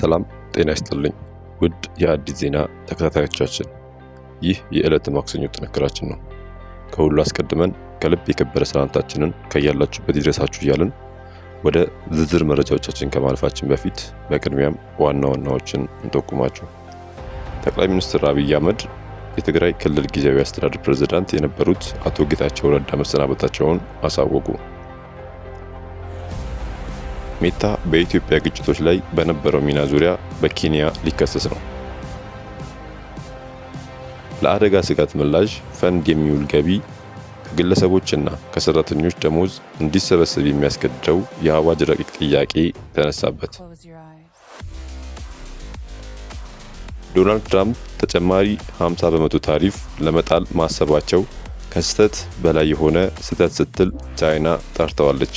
ሰላም ጤና ይስጥልኝ ውድ የአዲስ ዜና ተከታታዮቻችን፣ ይህ የዕለተ ማክሰኞ ጥንክራችን ነው። ከሁሉ አስቀድመን ከልብ የከበረ ሰላምታችንን ከያላችሁበት ይድረሳችሁ እያልን ወደ ዝርዝር መረጃዎቻችን ከማለፋችን በፊት በቅድሚያም ዋና ዋናዎችን እንጠቁማችሁ። ጠቅላይ ሚኒስትር አብይ አህመድ የትግራይ ክልል ጊዜያዊ አስተዳደር ፕሬዝዳንት የነበሩት አቶ ጌታቸው ረዳ መሰናበታቸውን አሳወቁ። ሜታ በኢትዮጵያ ግጭቶች ላይ በነበረው ሚና ዙሪያ በኬንያ ሊከሰስ ነው። ለአደጋ ስጋት ምላሽ ፈንድ የሚውል ገቢ ከግለሰቦችና ከሰራተኞች ደሞዝ እንዲሰበሰብ የሚያስገድደው የአዋጅ ረቂቅ ጥያቄ ተነሳበት። ዶናልድ ትራምፕ ተጨማሪ 50 በመቶ ታሪፍ ለመጣል ማሰባቸው ከስህተት በላይ የሆነ ስህተት ስትል ቻይና ጠርተዋለች።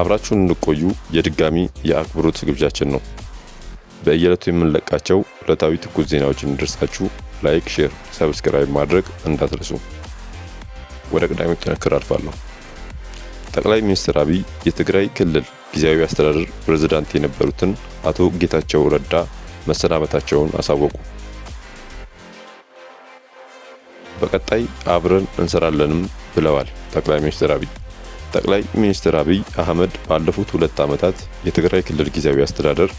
አብራችሁን እንቆዩ የድጋሚ የአክብሮት ግብዣችን ነው። በየዕለቱ የምንለቃቸው ዕለታዊ ትኩስ ዜናዎች እንዲደርሳችሁ ላይክ፣ ሼር፣ ሰብስክራይብ ማድረግ እንዳትረሱ። ወደ ቀዳሚው ጥንክር አልፋለሁ። ጠቅላይ ሚኒስትር አብይ የትግራይ ክልል ጊዜያዊ አስተዳደር ፕሬዝዳንት የነበሩትን አቶ ጌታቸው ረዳ መሰናበታቸውን አሳወቁ። በቀጣይ አብረን እንሰራለንም ብለዋል ጠቅላይ ሚኒስትር አብይ ጠቅላይ ሚኒስትር አብይ አህመድ ባለፉት ሁለት ዓመታት የትግራይ ክልል ጊዜያዊ አስተዳደር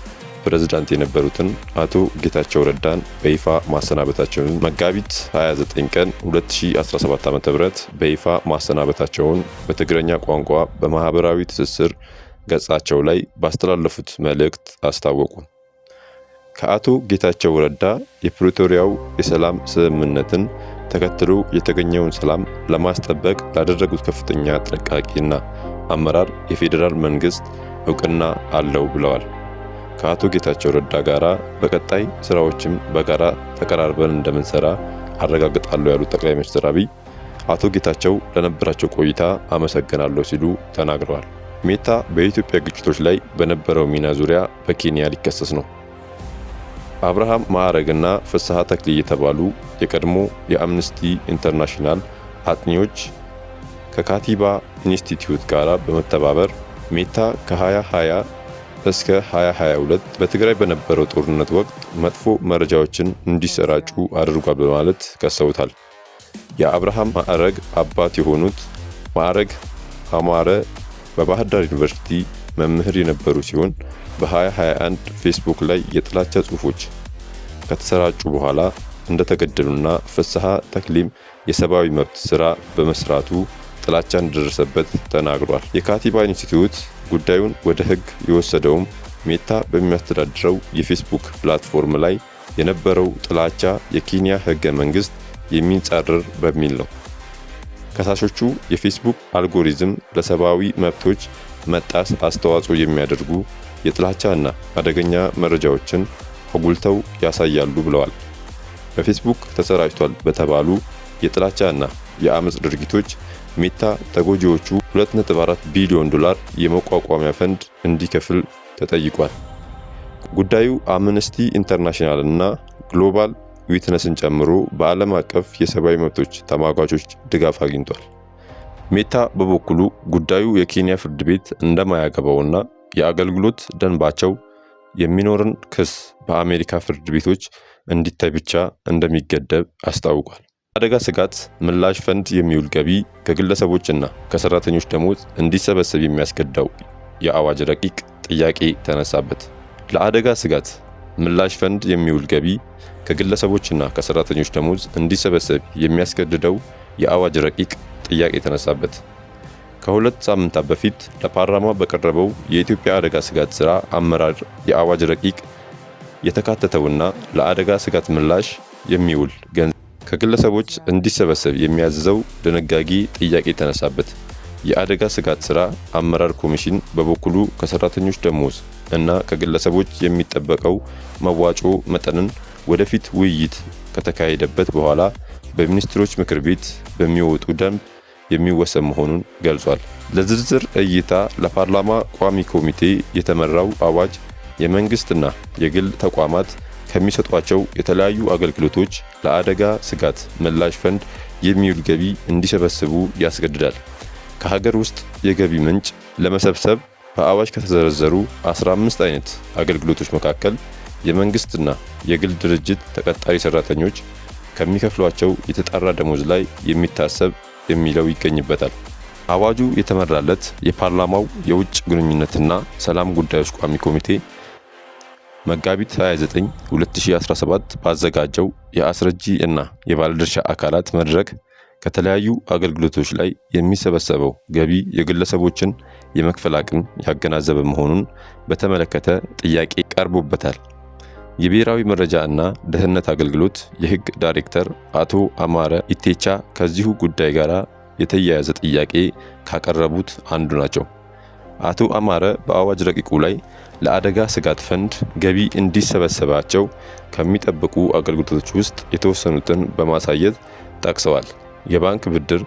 ፕሬዝዳንት የነበሩትን አቶ ጌታቸው ረዳን በይፋ ማሰናበታቸውን መጋቢት 29 ቀን 2017 .ም በይፋ ማሰናበታቸውን በትግረኛ ቋንቋ በማህበራዊ ትስስር ገጻቸው ላይ ባስተላለፉት መልእክት አስታወቁ። ከአቶ ጌታቸው ረዳ የፕሪቶሪያው የሰላም ስምምነትን ተከትሎ የተገኘውን ሰላም ለማስጠበቅ ላደረጉት ከፍተኛ ጥንቃቄና አመራር የፌዴራል መንግስት እውቅና አለው ብለዋል። ከአቶ ጌታቸው ረዳ ጋራ በቀጣይ ስራዎችም በጋራ ተቀራርበን እንደምንሰራ አረጋግጣለሁ ያሉት ጠቅላይ ሚኒስትር አብይ አቶ ጌታቸው ለነበራቸው ቆይታ አመሰግናለሁ ሲሉ ተናግረዋል። ሜታ በኢትዮጵያ ግጭቶች ላይ በነበረው ሚና ዙሪያ በኬንያ ሊከሰስ ነው። አብርሃም ማዕረግና ፍስሐ ተክሌ የተባሉ የቀድሞ የአምነስቲ ኢንተርናሽናል አጥኚዎች ከካቲባ ኢንስቲትዩት ጋር በመተባበር ሜታ ከ2020 እስከ 2022 በትግራይ በነበረው ጦርነት ወቅት መጥፎ መረጃዎችን እንዲሰራጩ አድርጓል በማለት ከሰውታል። የአብርሃም ማዕረግ አባት የሆኑት ማዕረግ አማረ በባህር ዳር ዩኒቨርሲቲ መምህር የነበሩ ሲሆን በ2021 ፌስቡክ ላይ የጥላቻ ጽሑፎች ከተሰራጩ በኋላ እንደተገደሉና ፍስሐ ተክሊም የሰብአዊ መብት ስራ በመስራቱ ጥላቻ እንደደረሰበት ተናግሯል። የካቲባ ኢንስቲትዩት ጉዳዩን ወደ ህግ የወሰደውም ሜታ በሚያስተዳድረው የፌስቡክ ፕላትፎርም ላይ የነበረው ጥላቻ የኬንያ ህገ መንግስት የሚጻረር በሚል ነው። ከሳሾቹ የፌስቡክ አልጎሪዝም ለሰብአዊ መብቶች መጣስ አስተዋጽኦ የሚያደርጉ የጥላቻና አደገኛ መረጃዎችን አጉልተው ያሳያሉ ብለዋል። በፌስቡክ ተሰራጭቷል በተባሉ የጥላቻና የአመፅ ድርጊቶች ሜታ ተጎጂዎቹ 2.4 ቢሊዮን ዶላር የመቋቋሚያ ፈንድ እንዲከፍል ተጠይቋል። ጉዳዩ አምነስቲ ኢንተርናሽናል እና ግሎባል ዊትነስን ጨምሮ በዓለም አቀፍ የሰብአዊ መብቶች ተሟጋቾች ድጋፍ አግኝቷል። ሜታ በበኩሉ ጉዳዩ የኬንያ ፍርድ ቤት እንደማያገባውና የአገልግሎት ደንባቸው የሚኖርን ክስ በአሜሪካ ፍርድ ቤቶች እንዲታይ ብቻ እንደሚገደብ አስታውቋል። አደጋ ስጋት ምላሽ ፈንድ የሚውል ገቢ ከግለሰቦችና ከሰራተኞች ደሞዝ እንዲሰበሰብ የሚያስገዳው የአዋጅ ረቂቅ ጥያቄ ተነሳበት። ለአደጋ ስጋት ምላሽ ፈንድ የሚውል ገቢ ከግለሰቦችና ከሰራተኞች ደሞዝ እንዲሰበሰብ የሚያስገድደው የአዋጅ ረቂቅ ጥያቄ የተነሳበት። ከሁለት ሳምንታት በፊት ለፓርላማ በቀረበው የኢትዮጵያ አደጋ ስጋት ስራ አመራር የአዋጅ ረቂቅ የተካተተውና ለአደጋ ስጋት ምላሽ የሚውል ገንዘብ ከግለሰቦች እንዲሰበሰብ የሚያዝዘው ድንጋጌ ጥያቄ የተነሳበት። የአደጋ ስጋት ስራ አመራር ኮሚሽን በበኩሉ ከሰራተኞች ደሞዝ እና ከግለሰቦች የሚጠበቀው መዋጮ መጠንን ወደፊት ውይይት ከተካሄደበት በኋላ በሚኒስትሮች ምክር ቤት በሚወጡ ደንብ የሚወሰን መሆኑን ገልጿል። ለዝርዝር እይታ ለፓርላማ ቋሚ ኮሚቴ የተመራው አዋጅ የመንግስትና የግል ተቋማት ከሚሰጧቸው የተለያዩ አገልግሎቶች ለአደጋ ስጋት ምላሽ ፈንድ የሚውል ገቢ እንዲሰበስቡ ያስገድዳል። ከሀገር ውስጥ የገቢ ምንጭ ለመሰብሰብ በአዋጅ ከተዘረዘሩ 15 አይነት አገልግሎቶች መካከል የመንግስትና የግል ድርጅት ተቀጣሪ ሰራተኞች ከሚከፍሏቸው የተጣራ ደሞዝ ላይ የሚታሰብ የሚለው ይገኝበታል። አዋጁ የተመራለት የፓርላማው የውጭ ግንኙነትና ሰላም ጉዳዮች ቋሚ ኮሚቴ መጋቢት 29 2017 ባዘጋጀው የአስረጂ እና የባለድርሻ አካላት መድረክ ከተለያዩ አገልግሎቶች ላይ የሚሰበሰበው ገቢ የግለሰቦችን የመክፈል አቅም ያገናዘበ መሆኑን በተመለከተ ጥያቄ ቀርቦበታል። የብሔራዊ መረጃ እና ደህንነት አገልግሎት የህግ ዳይሬክተር አቶ አማረ ኢቴቻ ከዚሁ ጉዳይ ጋር የተያያዘ ጥያቄ ካቀረቡት አንዱ ናቸው። አቶ አማረ በአዋጅ ረቂቁ ላይ ለአደጋ ስጋት ፈንድ ገቢ እንዲሰበሰባቸው ከሚጠብቁ አገልግሎቶች ውስጥ የተወሰኑትን በማሳየት ጠቅሰዋል። የባንክ ብድር፣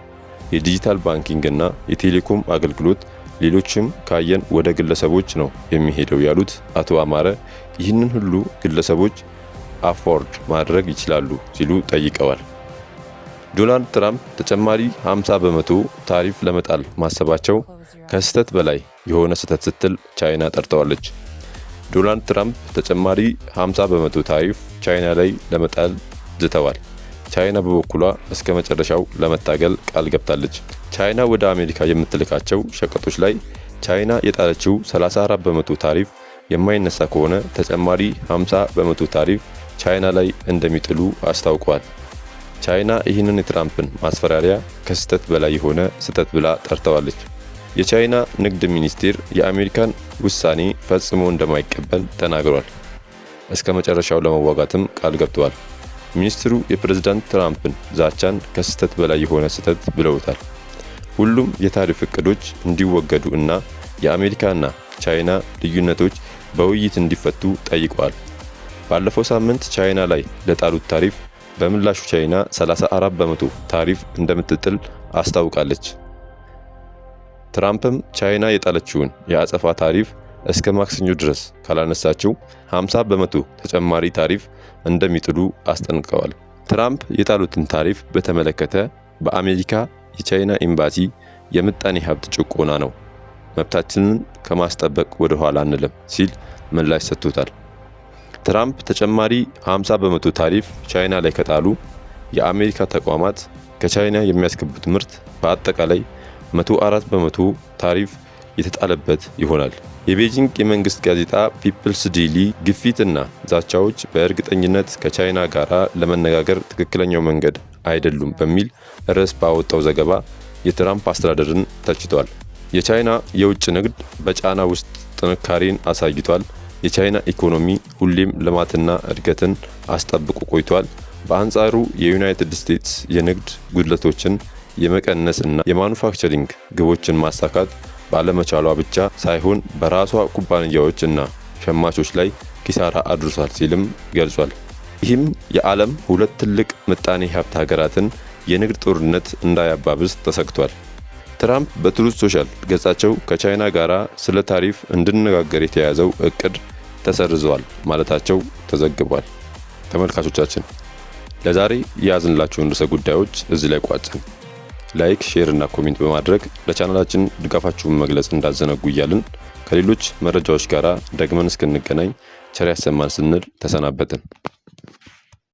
የዲጂታል ባንኪንግ እና የቴሌኮም አገልግሎት ሌሎችም ካየን ወደ ግለሰቦች ነው የሚሄደው ያሉት አቶ አማረ ይህንን ሁሉ ግለሰቦች አፎርድ ማድረግ ይችላሉ ሲሉ ጠይቀዋል። ዶናልድ ትራምፕ ተጨማሪ 50 በመቶ ታሪፍ ለመጣል ማሰባቸው ከስህተት በላይ የሆነ ስህተት ስትል ቻይና ጠርተዋለች። ዶናልድ ትራምፕ ተጨማሪ 50 በመቶ ታሪፍ ቻይና ላይ ለመጣል ዝተዋል። ቻይና በበኩሏ እስከ መጨረሻው ለመታገል ቃል ገብታለች። ቻይና ወደ አሜሪካ የምትልካቸው ሸቀጦች ላይ ቻይና የጣለችው 34 በመቶ ታሪፍ የማይነሳ ከሆነ ተጨማሪ 50 በመቶ ታሪፍ ቻይና ላይ እንደሚጥሉ አስታውቋል። ቻይና ይህንን የትራምፕን ማስፈራሪያ ከስህተት በላይ የሆነ ስህተት ብላ ጠርተዋለች። የቻይና ንግድ ሚኒስቴር የአሜሪካን ውሳኔ ፈጽሞ እንደማይቀበል ተናግሯል። እስከ መጨረሻው ለመዋጋትም ቃል ገብተዋል። ሚኒስትሩ የፕሬዝዳንት ትራምፕን ዛቻን ከስህተት በላይ የሆነ ስህተት ብለውታል። ሁሉም የታሪፍ እቅዶች እንዲወገዱ እና የአሜሪካና ቻይና ልዩነቶች በውይይት እንዲፈቱ ጠይቀዋል። ባለፈው ሳምንት ቻይና ላይ ለጣሉት ታሪፍ በምላሹ ቻይና 34 በመቶ ታሪፍ እንደምትጥል አስታውቃለች። ትራምፕም ቻይና የጣለችውን የአጸፋ ታሪፍ እስከ ማክሰኞ ድረስ ካላነሳችው 50 በመቶ ተጨማሪ ታሪፍ እንደሚጥሉ አስጠንቅቀዋል። ትራምፕ የጣሉትን ታሪፍ በተመለከተ በአሜሪካ የቻይና ኤምባሲ የምጣኔ ሀብት ጭቆና ነው፣ መብታችንን ከማስጠበቅ ወደ ኋላ አንልም ሲል ምላሽ ሰጥቶታል። ትራምፕ ተጨማሪ 50 በመቶ ታሪፍ ቻይና ላይ ከጣሉ የአሜሪካ ተቋማት ከቻይና የሚያስገቡት ምርት በአጠቃላይ 104 በመቶ ታሪፍ የተጣለበት ይሆናል። የቤጂንግ የመንግስት ጋዜጣ ፒፕልስ ዲሊ ግፊትና ዛቻዎች በእርግጠኝነት ከቻይና ጋር ለመነጋገር ትክክለኛው መንገድ አይደሉም በሚል ርዕስ ባወጣው ዘገባ የትራምፕ አስተዳደርን ተችቷል። የቻይና የውጭ ንግድ በጫና ውስጥ ጥንካሬን አሳይቷል። የቻይና ኢኮኖሚ ሁሌም ልማትና እድገትን አስጠብቆ ቆይቷል። በአንጻሩ የዩናይትድ ስቴትስ የንግድ ጉድለቶችን የመቀነስ እና የማኑፋክቸሪንግ ግቦችን ማሳካት ባለመቻሏ ብቻ ሳይሆን በራሷ ኩባንያዎች እና ሸማቾች ላይ ኪሳራ አድርሷል ሲልም ገልጿል። ይህም የዓለም ሁለት ትልቅ ምጣኔ ሀብት ሀገራትን የንግድ ጦርነት እንዳያባብስ ተሰግቷል። ትራምፕ በትሩዝ ሶሻል ገጻቸው ከቻይና ጋር ስለ ታሪፍ እንድነጋገር የተያዘው እቅድ ተሰርዘዋል ማለታቸው ተዘግቧል። ተመልካቾቻችን ለዛሬ የያዝንላቸውን ርዕሰ ጉዳዮች እዚህ ላይ ቋጭን። ላይክ፣ ሼር እና ኮሜንት በማድረግ ለቻናላችን ድጋፋችሁን መግለጽ እንዳዘነጉ እያልን ከሌሎች መረጃዎች ጋር ደግመን እስክንገናኝ ቸር ያሰማን ስንል ተሰናበትን።